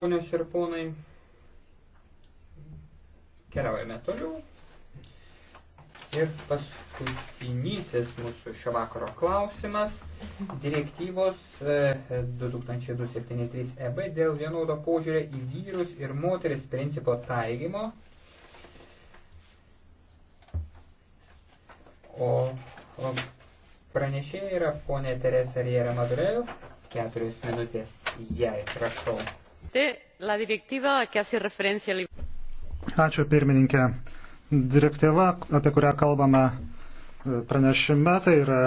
Ponios ir ponai, keliaujame toliau. Ir paskutinysis mūsų šio vakaro klausimas – direktyvos 2273 e, EB dėl vienodo požiūrė į vyrus ir moteris principo taigymo. O, o pranešėja yra ponė Teresa Riera Madurel, keturios minutės jai, prašau. Ačiū pirmininkė. Direktyva, apie kurią kalbame e, pranešime, tai yra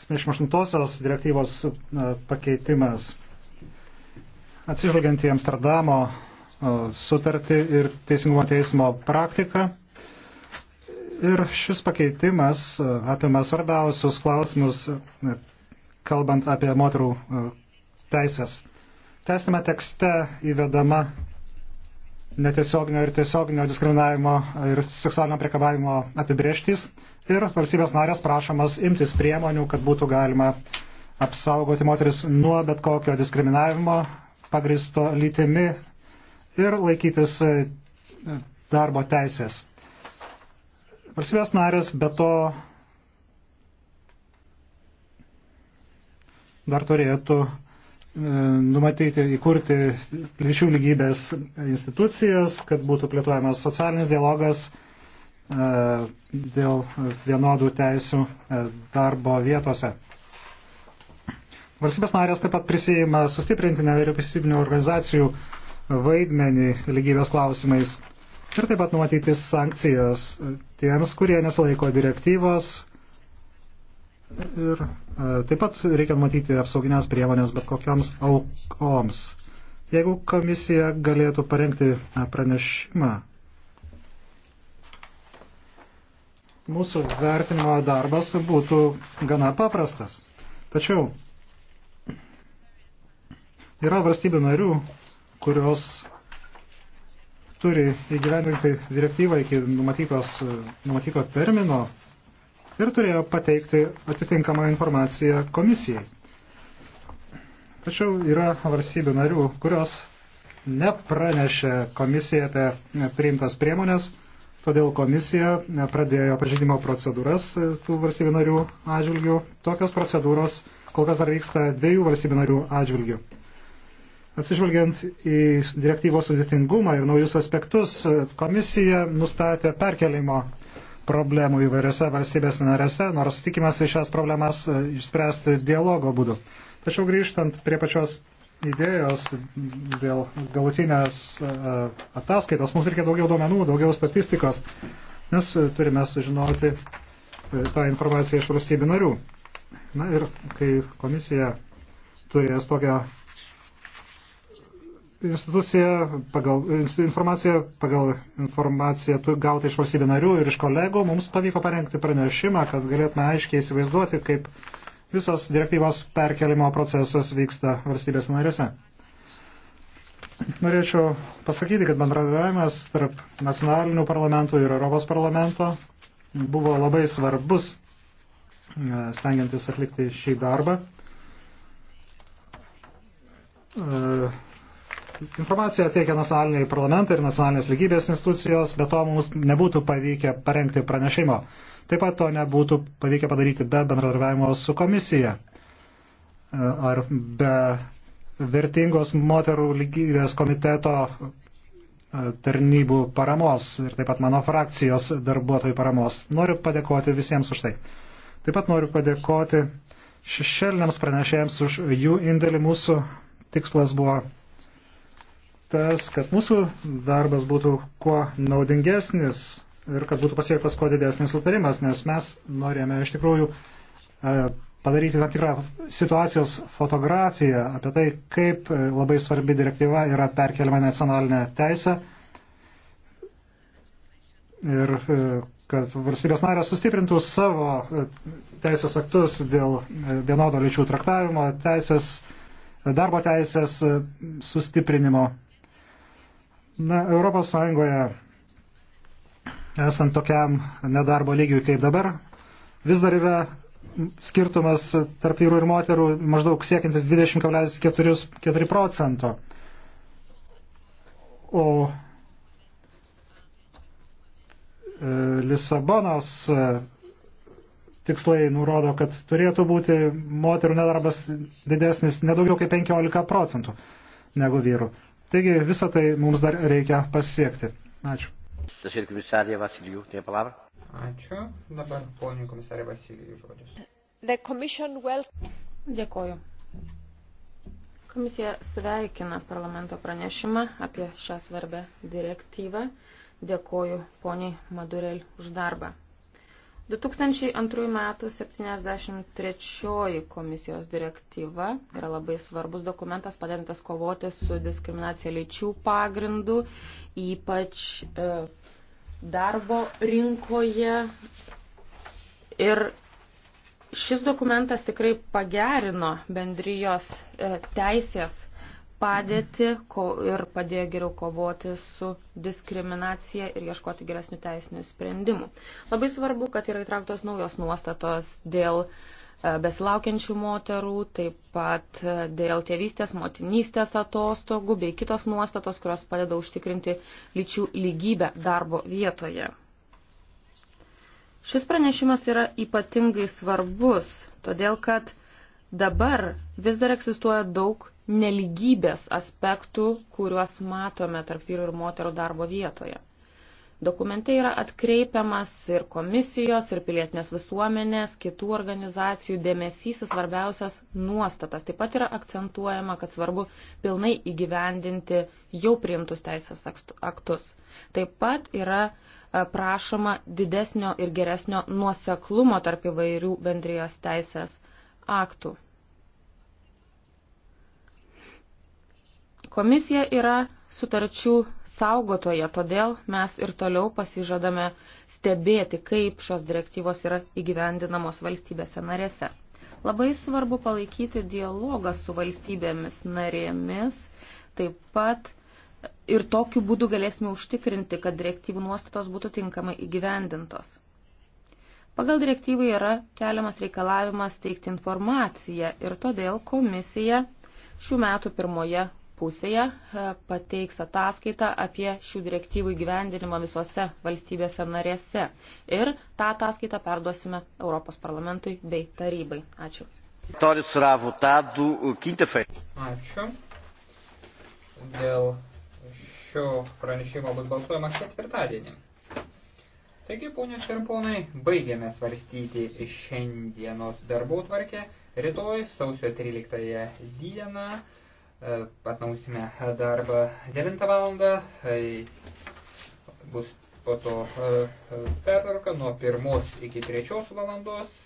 78-osios direktyvos e, pakeitimas. Atsižvelgiant į Amsterdamo e, sutartį ir Teisingumo teismo praktiką. Ir šis pakeitimas apima svarbiausius klausimus, kalbant apie moterų teisės. Testame tekste įvedama netiesioginio ir tiesioginio diskriminavimo ir seksualinio priekabavimo apibrieštys ir valstybės narės prašomas imtis priemonių, kad būtų galima apsaugoti moteris nuo bet kokio diskriminavimo pagristo lytimi ir laikytis e, darbo teisės. Valstybės narės be to dar turėtų E, numatyti, įkurti lyčių lygybės institucijas, kad būtų plėtojamas socialinis dialogas e, dėl vienodų teisių e, darbo vietose. Valstybės narės taip pat prisijima sustiprinti nevyriausybinio organizacijų vaidmenį lygybės klausimais ir taip pat numatyti sankcijas tiems, kurie nesilaiko direktyvos Ir e, taip pat reikia matyti apsauginės priemonės bet kokiams aukoms. Jeigu komisija galėtų parengti e, pranešimą, mūsų vertinimo darbas būtų gana paprastas. Tačiau yra valstybių narių, kurios turi įgyvendinti direktyvą iki numatytos, e, numatyto termino ir turėjo pateikti atitinkamą informaciją komisijai. Tačiau yra valstybių narių, kurios nepranešė komisijai apie priimtas priemonės, todėl komisija pradėjo pažydimo procedūras tų valstybių narių atžvilgių. Tokios procedūros kol kas dar vyksta dviejų valstybių narių atžvilgių. Atsižvelgiant į direktyvos sudėtingumą ir naujus aspektus, komisija nustatė perkelimo problemų įvairiose valstybės narėse, nors tikimasi šias problemas e, išspręsti dialogo būdu. Tačiau grįžtant prie pačios idėjos dėl galutinės e, ataskaitos, mums reikia daugiau duomenų, daugiau statistikos, nes turime sužinoti e, tą informaciją iš valstybių narių. Na ir kai komisija turės tokią institucija pagal informaciją, pagal informaciją gautą iš valstybė narių ir iš kolegų, mums pavyko parengti pranešimą, kad galėtume aiškiai įsivaizduoti, kaip visos direktyvos perkelimo procesas vyksta valstybės narėse. Norėčiau pasakyti, kad bendradavimas tarp nacionalinių parlamentų ir Europos parlamento buvo labai svarbus, e, stengiantis atlikti šį darbą. E, Informacija teikia nacionaliniai parlamentai ir nacionalinės lygybės institucijos, bet to mums nebūtų pavykę parengti pranešimo. Taip pat to nebūtų pavykę padaryti be bendradarbiavimo su komisija e, ar be vertingos moterų lygybės komiteto e, tarnybų paramos ir taip pat mano frakcijos darbuotojų paramos. Noriu padėkoti visiems už tai. Taip pat noriu padėkoti šešėliniams pranešėjams už jų indėlį. Mūsų tikslas buvo tas, kad mūsų darbas būtų kuo naudingesnis ir kad būtų pasiektas kuo didesnis sutarimas, nes mes norėjome iš tikrųjų e, padaryti tam tikrą situacijos fotografiją apie tai, kaip e, labai svarbi direktyva yra perkeliama nacionalinė teisė ir e, kad valstybės narės sustiprintų savo teisės aktus dėl vienodo lyčių traktavimo, teisės, darbo teisės sustiprinimo Na, Europos Sąjungoje, esant tokiam nedarbo lygiui kaip dabar, vis dar yra skirtumas tarp vyrų ir moterų maždaug siekintis 20,4 procento. O e, Lisabonos e, tikslai nurodo, kad turėtų būti moterų nedarbas didesnis nedaugiau kaip 15 procentų negu vyrų. Taigi visą tai mums dar reikia pasiekti. Ačiū. Ačiū. Dabar ponių komisarė Vasilijų žodis. Well... Dėkoju. Komisija sveikina parlamento pranešimą apie šią svarbę direktyvą. Dėkoju poniai Madurel už darbą. 2002 metų 73 komisijos direktyva yra labai svarbus dokumentas padedantas kovoti su diskriminacija lyčių pagrindų, ypač e, darbo rinkoje. Ir šis dokumentas tikrai pagerino bendrijos e, teisės padėtį ir padėjo geriau kovoti su diskriminacija ir ieškoti geresnių teisinių sprendimų. Labai svarbu, kad yra įtrauktos naujos nuostatos dėl e, besilaukiančių moterų, taip pat e, dėl tėvystės, motinystės atostogų bei kitos nuostatos, kurios padeda užtikrinti lyčių lygybę darbo vietoje. Šis pranešimas yra ypatingai svarbus, todėl kad dabar vis dar egzistuoja daug neligybės aspektų, kuriuos matome tarp vyrų ir moterų darbo vietoje. Dokumente yra atkreipiamas ir komisijos, ir pilietinės visuomenės, kitų organizacijų dėmesys į svarbiausias nuostatas. Taip pat yra akcentuojama, kad svarbu pilnai įgyvendinti jau priimtus teisės aktus. Taip pat yra e, prašoma didesnio ir geresnio nuoseklumo tarp įvairių bendrijos teisės aktų. Komisija yra sutarčių saugotoje, todėl mes ir toliau pasižadame stebėti, kaip šios direktyvos yra įgyvendinamos valstybėse narėse. Labai svarbu palaikyti dialogą su valstybėmis narėmis, taip pat ir tokiu būdu galėsime užtikrinti, kad direktyvų nuostatos būtų tinkamai įgyvendintos. Pagal direktyvą yra keliamas reikalavimas teikti informaciją ir todėl komisija šių metų pirmoje pusėje e, pateiks ataskaitą apie šių direktyvų įgyvendinimą visose valstybėse narėse. Ir tą ataskaitą perduosime Europos parlamentui bei tarybai. Ačiū. Ačiū. Dėl šio pranešimo bus balsuojama ketvirtadienį. Taigi, ponios ir ponai, baigėme svarstyti šiandienos darbų tvarkę. Rytoj, sausio 13 dieną. E, Patnausime darbą 9 valandą, tai bus po to e, e, pertvarka nuo 1 iki 3 valandos.